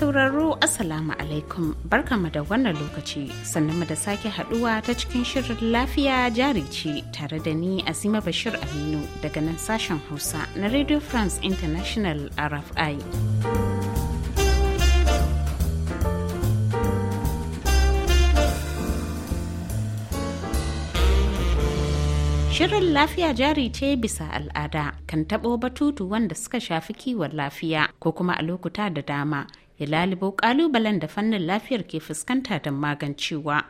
sauraro Assalamu alaikum barkamu da wannan lokaci sannanmu da sake haduwa ta cikin shirin lafiya jari ce tare da ni asima Bashir Aminu daga nan sashen Hausa na Radio France International RFI. Shirin lafiya jari ce bisa al'ada kan taɓo batutu wanda suka shafi kiwon lafiya ko kuma a lokuta da dama ya lalibo kalubalen da fannin lafiyar ke fuskanta don magancewa.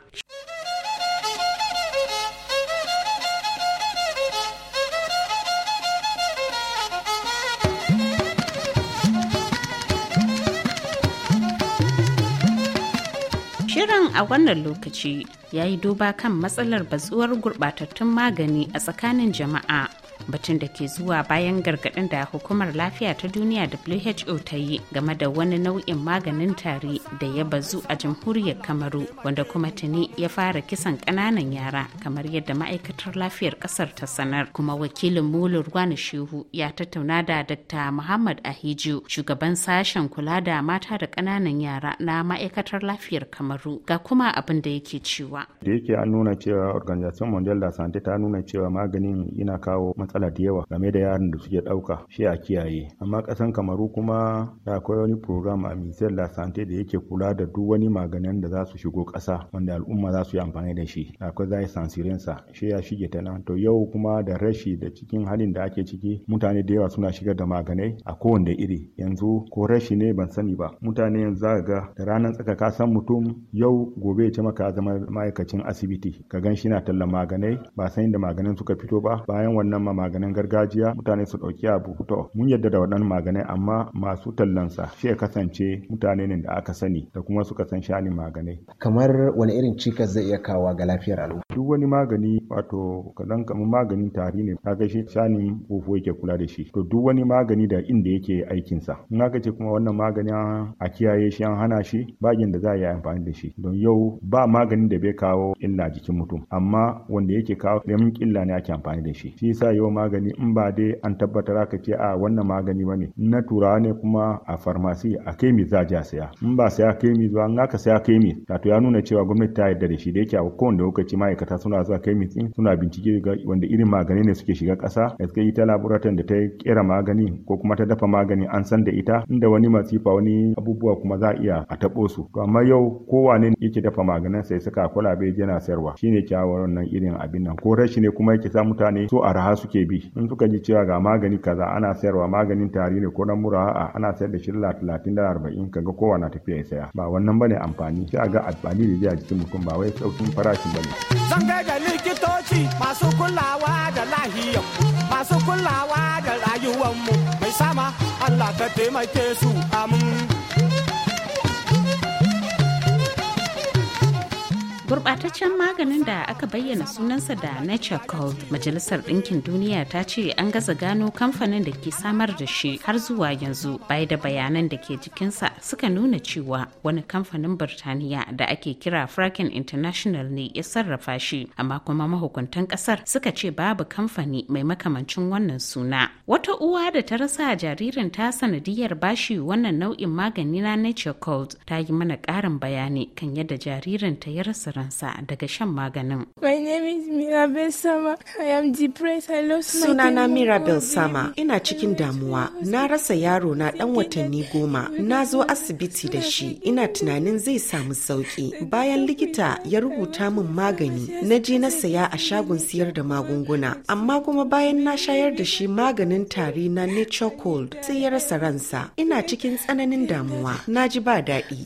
Shirin a wannan lokaci ya yi duba kan matsalar batsuwar gurbatattun magani a tsakanin jama'a batun da ke zuwa bayan gargaɗin da hukumar lafiya ta duniya who ta yi game da wani nau'in maganin tari da ya bazu a jamhuriyar kamaru wanda kuma tuni ya fara kisan ƙananan yara kamar yadda ma'aikatar lafiyar ƙasar ta sanar kuma wakilin mulur wani shehu ya tattauna da dr muhammad ahiju shugaban sashen kula da mata da ƙananan yara na ma'aikatar lafiyar kamaru ga kuma abin da yake cewa da yake an nuna cewa organization mondial da sante ta nuna cewa maganin yana kawo matsala matsala da yawa game da yaran da suke ɗauka shi a kiyaye amma ƙasan kamaru kuma da akwai wani program a misal la sante da yake kula da duk wani maganin da za su shigo ƙasa wanda al'umma za su yi amfani da shi da akwai zai sa shi ya shige ta nan to yau kuma da rashi da cikin halin da ake ciki mutane da yawa suna shigar da maganai a kowanne iri yanzu ko rashi ne ban sani ba mutane yanzu za ga da ranar tsaka ka san mutum yau gobe ya ce maka zama ma'aikacin asibiti ka gan shi na tallan maganai ba san inda maganin suka fito ba bayan wannan ma maganin gargajiya mutane su ɗauki abu to mun yadda da waɗannan maganai amma masu tallansa shi ya kasance mutane ne da aka sani da kuma suka san shani maganai kamar wani irin cikas zai iya kawo ga lafiyar al'umma duk wani magani wato kadan kamar maganin tari ne kaga shi shanin kofo yake kula da shi to duk wani magani da inda yake aikinsa in aka ce kuma wannan magani a kiyaye shi an hana shi ba gin da za a yi amfani da shi don yau ba maganin da bai kawo illa jikin mutum amma wanda yake kawo ƙaramin illa ne ake amfani da shi shi yasa yau magani in ba dai an tabbatar aka ce a wannan magani ba ne na turawa ne kuma a farmasi a kemi za ja saya in ba saya kemi ba in aka saya kemi wato ya nuna cewa gwamnati ta yarda da shi da yake a kowane lokaci ma'aikata suna zuwa kemi din suna bincike ga wanda irin magani ne suke shiga ƙasa da suka yi ta laboratory da ta kera magani ko kuma ta dafa magani an san da ita inda wani masifa wani abubuwa kuma za iya a taɓo su to amma yau kowane yake dafa maganin sai suka kwalabe yana sayarwa shine kyawawan nan irin abin nan ko rashi ne kuma yake sa mutane so a raha suke suke bi in suka ji cewa ga magani kaza ana sayarwa maganin tari ne ko na mura a'a ana sayar da shi dala talatin dala arba'in kaga kowa na tafiya ya saya ba wannan bane amfani sai a ga amfani da a jikin mutum ba wai saukin ba ne. zan ga likitoci masu kulawa da lahiyar masu kulawa da rayuwar mu mai sama Allah ka taimake su amin. gurbataccen maganin da aka bayyana sunansa da nature cold majalisar ɗinkin duniya ta ce an gaza gano kamfanin da ke samar da shi har zuwa yanzu bai da bayanan da ke jikinsa suka nuna cewa wani kamfanin birtaniya da ake kira fracking international ne ya sarrafa shi amma kuma mahukuntan ƙasar suka ce babu kamfani mai makamancin wannan suna wata uwa da ta rasa jaririn ta sanadiyar bashi wannan nau'in magani na nature cult ta yi mana ƙarin bayani kan yadda jaririn ta ya rasa ransa daga shan maganin. Sunana Mirabel Sama. Ina cikin damuwa. Na rasa yaro na dan watanni goma. Na zo asibiti da shi. Ina tunanin zai samu sauƙi, Bayan likita ya rubuta min magani, na je na saya a shagon siyar da magunguna. Amma kuma bayan na shayar da shi maganin tari na Nature Cold sai ya rasa ransa. Ina cikin tsananin damuwa. Na ji ba daɗi.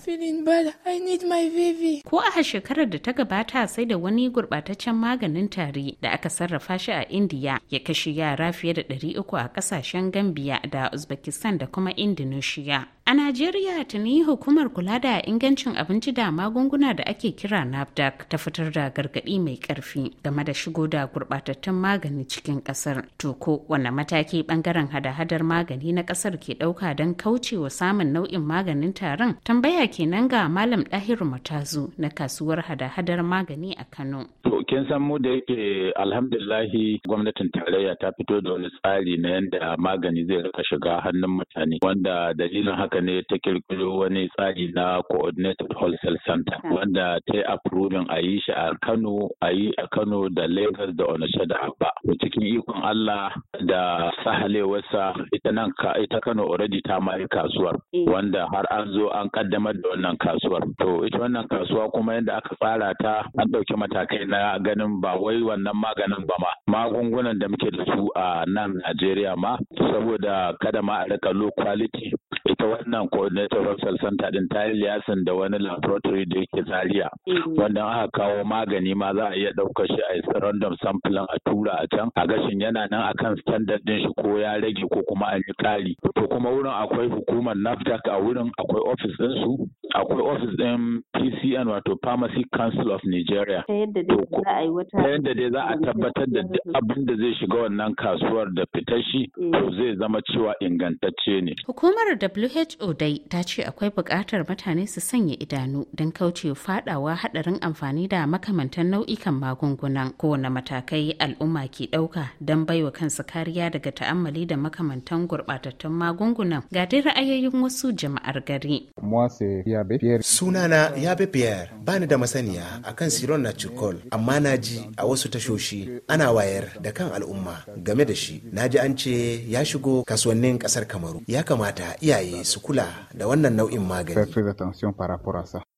Ko a shekarar da ta gabata sai da wani gurbataccen maganin tari da aka sarrafa shi a indiya ya kashe yara fiye da 300 a kasashen gambia da uzbekistan da kuma indonesia A Najeriya tuni hukumar kula da ingancin abinci da magunguna da ake kira NAFDAC ta fitar da gargaɗi mai ƙarfi game da shigo da gurɓatattun magani cikin ƙasar. Toko wanne mataki ɓangaren hada-hadar magani na ƙasar ke ɗauka don kauce wa samun nau'in maganin taron tambaya kenan ga Malam Ɗahiru Matazu na kasuwar hada-hadar magani a Kano. kin san mu da yake alhamdulillahi gwamnatin tarayya ta fito da wani tsari na yadda magani zai rika shiga hannun mutane wanda dalilin haka ne ta kirkiro wani tsari na coordinated wholesale center hmm. wanda ta yi approving a yi shi a Kano a yi a Kano da Lagos da Onitsha da Abba cikin ikon Allah da sahalewarsa ita nan ita Kano already ta ma kasuwar eh. wanda har an zo an kaddamar da wannan kasuwar to ita wannan kasuwa kuma yadda aka tsara ta an ɗauki matakai na ganin ba wai wannan maganin ba ma magungunan da muke da su a nan Najeriya ma saboda kada ma a rika low quality ita wannan coordinator cell center din ta yi liyasin da wani laboratory da yake Zaria mm. wanda aka kawo magani ma za a iya ɗaukar shi a random sampling a tura a can a gashin yana nan akan standard din shi ko ya rage ko kuma an yi ƙari to kuma wurin akwai hukumar NAFDAC a wurin akwai office su? akwai ofis ɗin PCN wato Pharmacy Council of Nigeria. Ta yadda dai za a tabbatar da abin da zai shiga wannan kasuwar da fitar shi eh. to zai zama cewa ingantacce ne. Hukumar WHO dai ta ce akwai buƙatar mutane su sanya idanu don kauce faɗawa haɗarin amfani da makamantan nau'ikan magungunan kowane matakai al'umma ke ɗauka don baiwa kansu kariya daga ta'ammali da makamantan gurɓatattun magungunan ga dai ra'ayoyin wasu jama'ar gari. Mwase ya Yabe Pierre. Sunana Yabe Pierre bani da masaniya akan Siron na cikol amma na ji a wasu tashoshi ana wayar da kan al'umma game da shi. Na ji an ce ya shigo kasuwannin kasar Kamaru. Ya kamata iyaye su kula da wannan nau'in magani.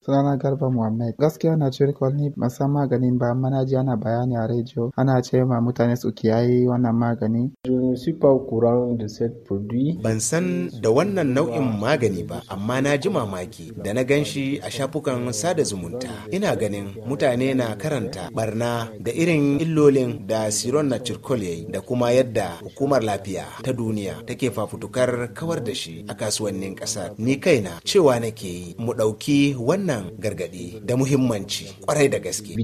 Sunana Garba muhammed Gaskiya na circle ni ban san maganin ba amma na ji ana bayani a rediyo ana ce ma mutane su kiyaye wannan magani. Ban san da wannan nau'in magani ba amma na ji mamaki da na gan shi a shafukan sada zumunta. Ina ganin mutane na karanta barna da irin illolin da siron na circle yayi da kuma yadda hukumar lafiya ta duniya take fafutukar kawar da shi a kasuwannin kasar. Ni kaina cewa nake yi mu ɗauki wannan wannan gargadi da muhimmanci kwarai da gaske.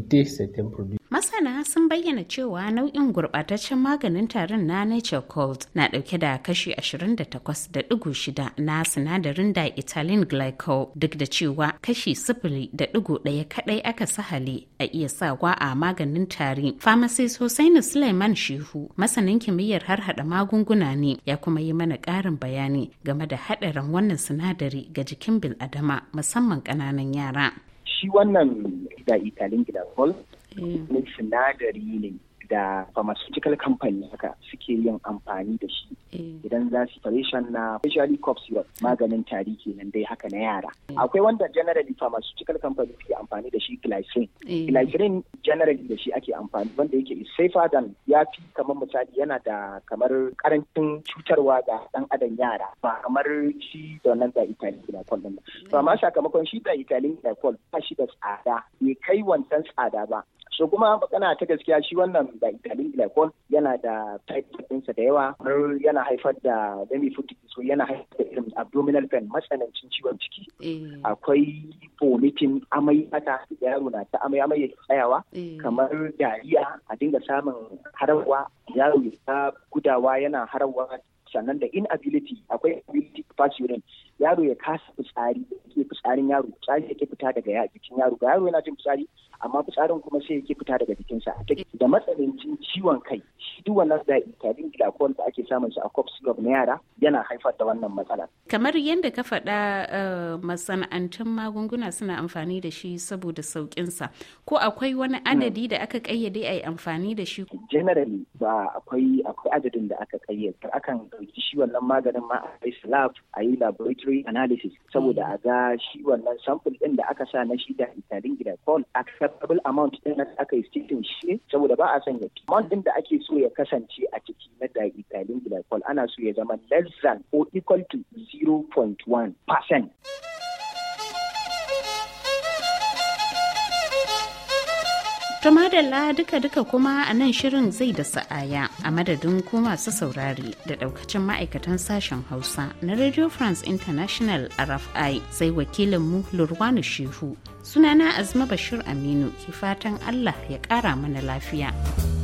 masana sun bayyana cewa nau'in gurbataccen maganin tarin na nature cold na dauke da kashi 28.6 na sinadarin da ethylene glycol duk da cewa kashi 0.1 kadai aka sahale a iya sawa a maganin tari pharmacist na Suleiman Shehu masanin kimiyyar harhaɗa magunguna ne ya kuma yi mana ƙarin bayani game da haɗarin wannan sinadari ga jikin bil'adama musamman kananan yara. Shi wannan da italin glycol wani eh. sinadari ne da pharmaceutical company haka suke yin amfani da shi eh. idan za su operation na specially cough syrup maganin tari kenan dai haka na yara eh. akwai wanda generally pharmaceutical company suke amfani da shi glycerin glycerin generally da shi ake amfani wanda yake is safer than ya fi kamar misali yana da kamar karancin cutarwa ga dan adam yara ba kamar shi da nan da italian glycol din ba amma sakamakon shi da italian glycol ba shi da tsada mai kai wancan tsada ba so kuma magana ta gaskiya shi wannan dalin glycol yana da taifinsa da yawa har yana haifar da dami so yana haifar da irin abdominal pain matsanancin ciwon ciki eh. akwai vomiting amai haka yaro na ta amai amai ya tsayawa eh. kamar dariya a dinga samun harawa yaro ya gudawa yana harawa sannan da inability akwai ability to pass urine yaro ya kasa fitsari ke fitsarin yaro fitsari yake fita daga jikin yaro ga yaro yana jin fitsari amma fitsarin kuma sai yake fita daga jikinsa da matsanancin ciwon kai shi duk wannan da tarin glaucoma da ake samun su a cops syrup na yara yana haifar da wannan matsalar kamar yadda ka faɗa eh, masana'antun magunguna suna amfani da shi saboda saukin sa ko akwai wani hmm. adadi da aka kayyade a yi amfani da shi generally ba akwai akwai adadin da aka kayyade akan ɗauki shi wannan maganin ma a lab a yi laboratory laboratory analysis saboda a ga shi wannan sample ɗin da aka sa na shi da gida call acceptable amount ɗin da aka yi cikin shi saboda ba a son ya amount ɗin da ake so ya kasance a ciki na da gida call ana so ya zama less than or equal to 0.1 percent. To madalla duka-duka kuma a nan shirin zai da sa'aya a madadin ku masu saurari da daukacin ma'aikatan sashen Hausa na Radio France International RFI sai wakilin wakilinmu Lurwanu Shehu. Sunana Azma Bashir Aminu ki fatan Allah ya ƙara mana lafiya.